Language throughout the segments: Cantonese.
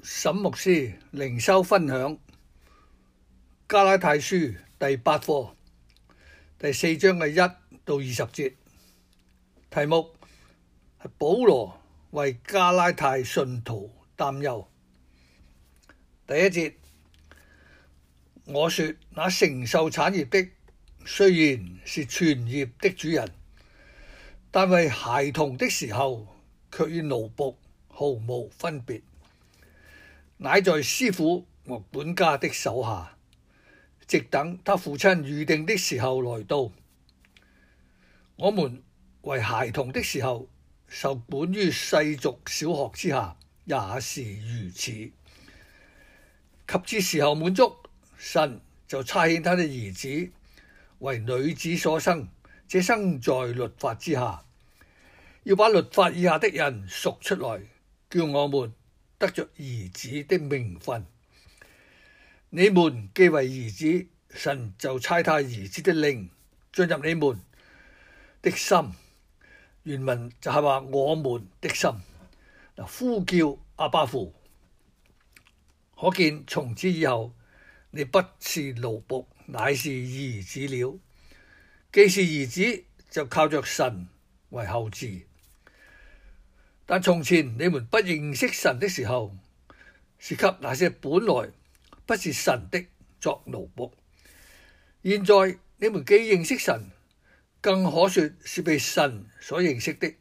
沈牧師靈修分享《加拉太書》第八課第四章嘅一到二十節，題目係保羅為加拉太信徒擔憂。第一節，我說那承受產業的雖然是全業的主人，但為孩童的時候卻與奴僕毫無分別。乃在師傅和本家的手下，直等他父親預定的時候來到。我們為孩童的時候，受管於世俗小學之下，也是如此。及至時候滿足，神就差遣他的兒子，為女子所生，且生在律法之下，要把律法以下的人贖出來，叫我們。得着兒子的名分，你們既為兒子，神就差他兒子的靈進入你們的心。原文就係話我們的心，呼叫阿爸父。可見從此以後，你不是奴僕，乃是兒子了。既是兒子，就靠着神為後嗣。但從前你們不認識神的時候，是給那些本來不是神的作奴僕。現在你們既認識神，更可說是被神所認識的，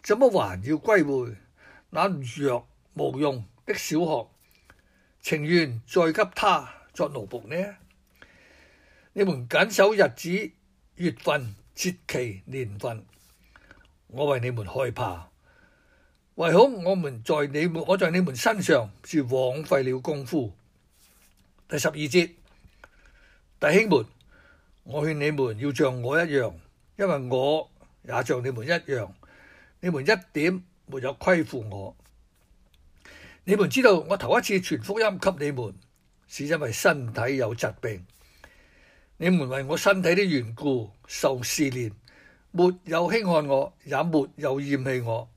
怎麼還要歸回那弱無用的小學，情願再給他作奴僕呢？你們謹守日子、月份、節期、年份，我為你們害怕。唯恐我們在你們，我在你們身上是枉費了功夫。第十二節，弟兄們，我勸你們要像我一樣，因為我也像你們一樣。你們一點沒有虧負我。你們知道我頭一次傳福音給你們，是因為身體有疾病。你們為我身體的緣故受試煉，沒有輕看我，也沒有厭棄我。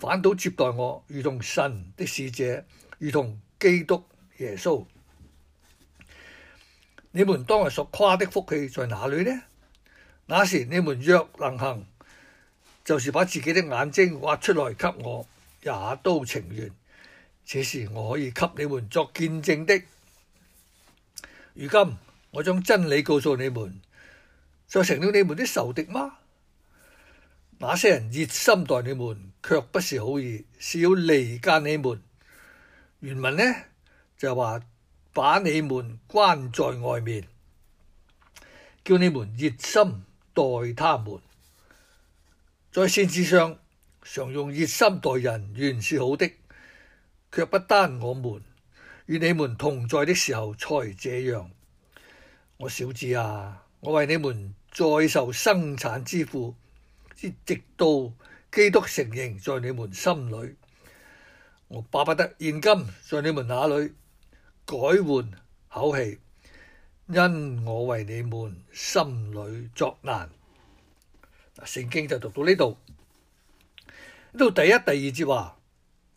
反倒接待我，如同神的使者，如同基督耶穌。你們當日所誇的福氣在哪裏呢？那時你們若能行，就是把自己的眼睛挖出來給我，也都情願。這是我可以給你們作見證的。如今我將真理告訴你們，就成了你們的仇敵嗎？那些人熱心待你們，卻不是好意，是要離間你們。原文呢，就話把你們關在外面，叫你們熱心待他們。在善事上常用熱心待人原是好的，卻不單我們與你們同在的時候才這樣。我小子啊，我為你們再受生產之苦。直到基督承認在你們心裏，我巴不得現今在你們那裏改換口氣，因我為你們心裏作難。聖經就讀到呢度，呢度第一第二節話，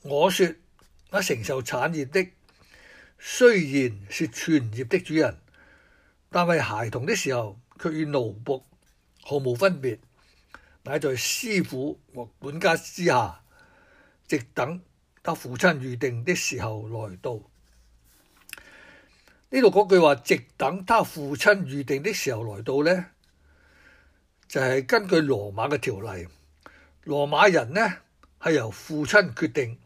我說：我承受產業的雖然是全業的主人，但係孩童的時候，卻與奴僕毫無分別。乃在師傅或管家之下，直等他父親預定的時候來到。呢度嗰句話，直等他父親預定的時候來到呢，就係根據羅馬嘅條例，羅馬人呢，係由父親決定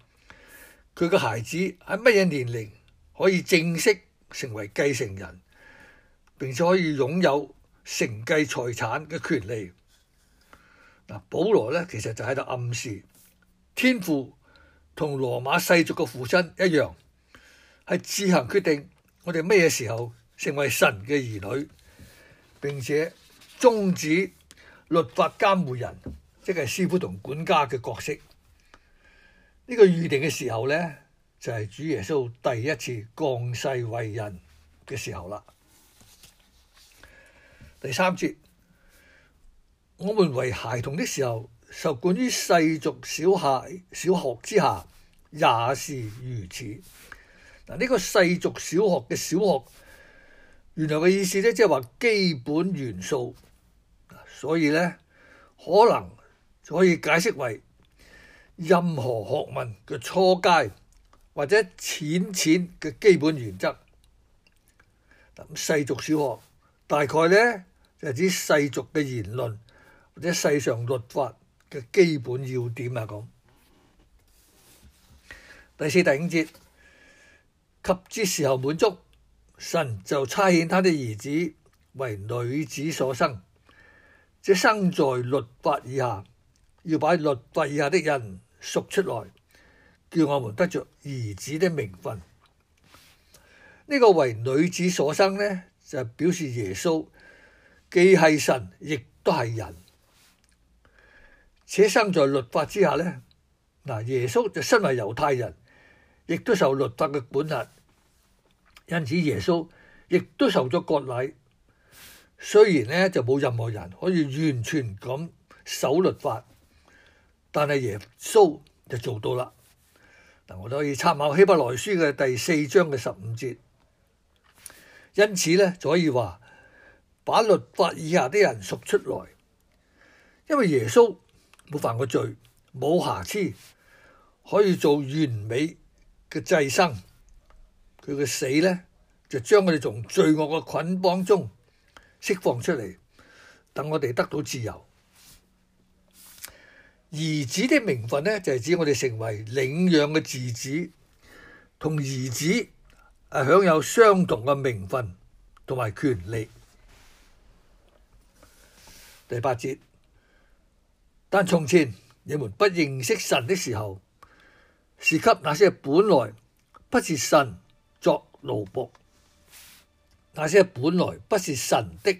佢嘅孩子喺乜嘢年齡可以正式成為繼承人，並且可以擁有承繼財產嘅權利。嗱，保羅咧，其實就喺度暗示，天父同羅馬世俗嘅父親一樣，係自行決定我哋咩嘢時候成為神嘅兒女，並且終止律法監護人，即係師傅同管家嘅角色。呢個預定嘅時候咧，就係主耶穌第一次降世為人嘅時候啦。第三節。我們為孩童的時候，受管於世俗小孩、小學之下，也是如此。嗱，呢個世俗小學嘅小學，原來嘅意思咧，即係話基本元素。所以咧，可能就可以解釋為任何學問嘅初階，或者淺淺嘅基本原則。咁世俗小學大概咧，就係、是、指世俗嘅言論。或者世上律法嘅基本要點啊，咁第四第五節，及至時候滿足，神就差遣他的兒子為女子所生。即生在律法以下，要把律法以下的人贖出來，叫我們得着兒子的名分。呢、這個為女子所生呢，就表示耶穌既係神，亦都係人。且生在律法之下呢，嗱，耶穌就身為猶太人，亦都受律法嘅管轄，因此耶穌亦都受咗割禮。雖然呢就冇任何人可以完全咁守律法，但係耶穌就做到啦。嗱，我哋可以參考希伯來書嘅第四章嘅十五節，因此呢就可以話，把律法以下啲人贖出來，因為耶穌。冇犯過罪，冇瑕疵，可以做完美嘅祭牲。佢嘅死咧，就將我哋從罪惡嘅捆綁中釋放出嚟，等我哋得到自由。兒子的名分咧，就係、是、指我哋成為領養嘅兒子，同兒子啊享有相同嘅名分同埋權利。第八節。但從前你們不認識神的時候，是給那些本來不是神作奴僕，那些本來不是神的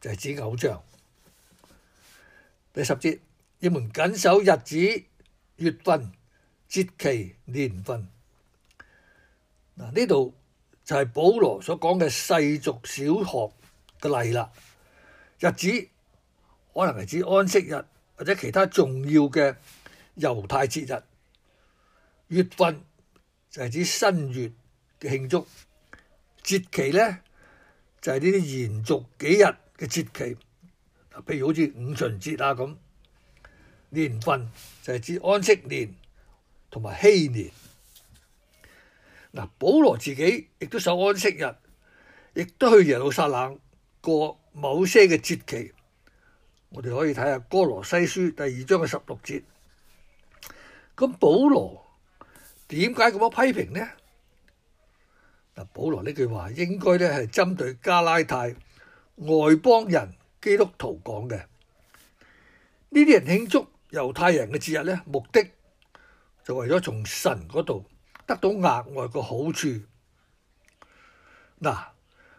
就係指偶像。第十節，你們謹守日子、月份、節期、年份。嗱，呢度就係保羅所講嘅世俗小學嘅例啦。日子可能係指安息日。或者其他重要嘅猶太節日，月份就係指新月嘅慶祝節期咧，就係呢啲延續幾日嘅節期，譬如好似五旬節啊咁。年份就係指安息年同埋禧年。嗱，保羅自己亦都守安息日，亦都去耶路撒冷過某些嘅節期。我哋可以睇下《哥羅西書》第二章嘅十六節。咁保羅點解咁樣批評呢？嗱，保羅呢句話應該咧係針對加拉太外邦人基督徒講嘅。呢啲人慶祝猶太人嘅節日咧，目的就為咗從神嗰度得到額外嘅好處。嗱，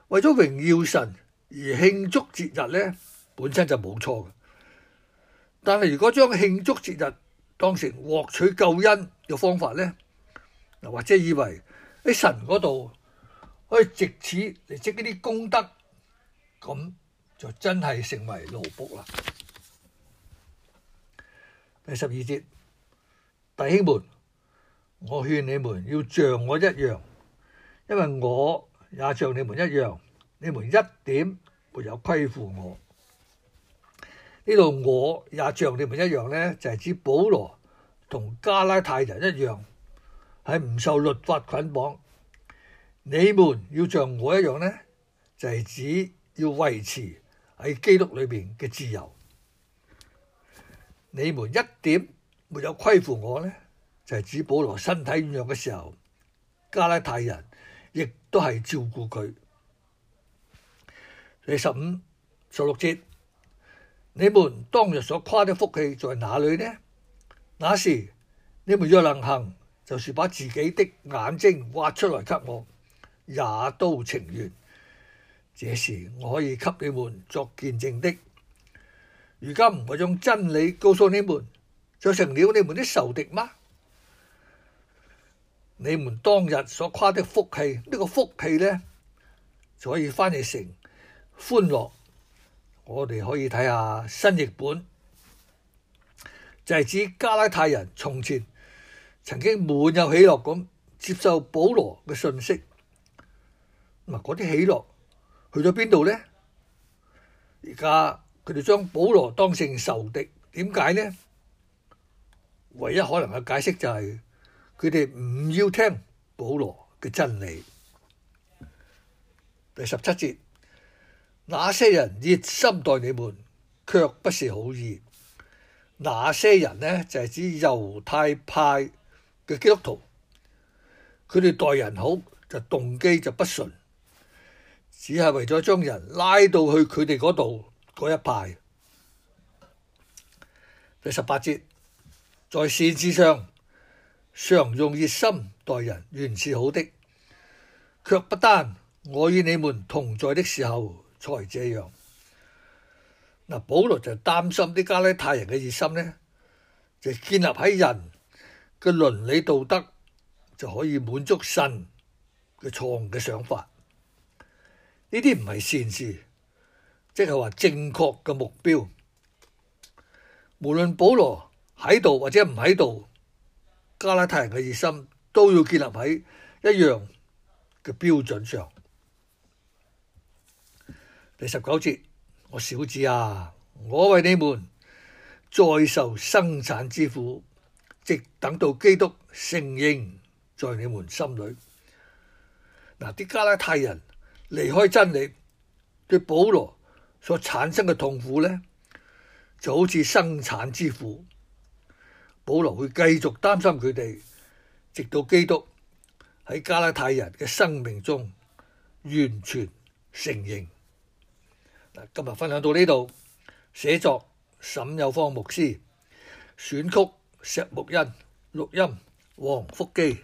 為咗榮耀神而慶祝節日咧，本身就冇錯嘅，但係如果將慶祝節日當成獲取救恩嘅方法咧，嗱，或者以為喺神嗰度可以借此嚟積嗰啲功德，咁就真係成為勞卜啦。第十二節，弟兄們，我勸你們要像我一樣，因為我也像你們一樣，你們一點沒有虧負我。呢度，我也像你們一樣呢，就係指保羅同加拉太人一樣，係唔受律法捆綁。你們要像我一樣呢，就係指要維持喺基督裏邊嘅自由。你們一點沒有虧負我呢，就係指保羅身體軟弱嘅時候，加拉太人亦都係照顧佢。第十五、十六節。你們當日所誇的福氣在哪裏呢？那時你們若能行，就是把自己的眼睛挖出來給我，也都情願。這事我可以給你們作見證的。如今唔係用真理告訴你們，就成了你們的仇敵嗎？你們當日所誇的福氣，呢、呢個福氣呢，就可以翻譯成歡樂。我哋可以睇下新譯本，就係、是、指加拉太人從前曾經滿有喜樂咁接受保羅嘅訊息，嗱，嗰啲喜樂去咗邊度呢？而家佢哋將保羅當成仇敵，點解呢？唯一可能嘅解釋就係佢哋唔要聽保羅嘅真理。第十七節。那些人熱心待你們，却不是好意。那些人呢，就係指猶太派嘅基督徒，佢哋待人好就動機就不純，只係為咗將人拉到去佢哋嗰度嗰一派。第十八節，在善事上常用熱心待人，原是好的，卻不單我與你們同在的時候，才這樣，嗱，保羅就擔心啲加拉太人嘅熱心呢，就建立喺人嘅倫理道德就可以滿足神嘅錯誤嘅想法，呢啲唔係善事，即係話正確嘅目標。無論保羅喺度或者唔喺度，加拉太人嘅熱心都要建立喺一樣嘅標準上。第十九節，我小子啊，我為你們再受生產之苦，直等到基督承認在你們心裏。嗱，啲加拉太人離開真理對保羅所產生嘅痛苦咧，就好似生產之苦。保羅會繼續擔心佢哋，直到基督喺加拉太人嘅生命中完全承認。今日分享到呢度。寫作沈有芳牧師，選曲石木欣，錄音黃福記。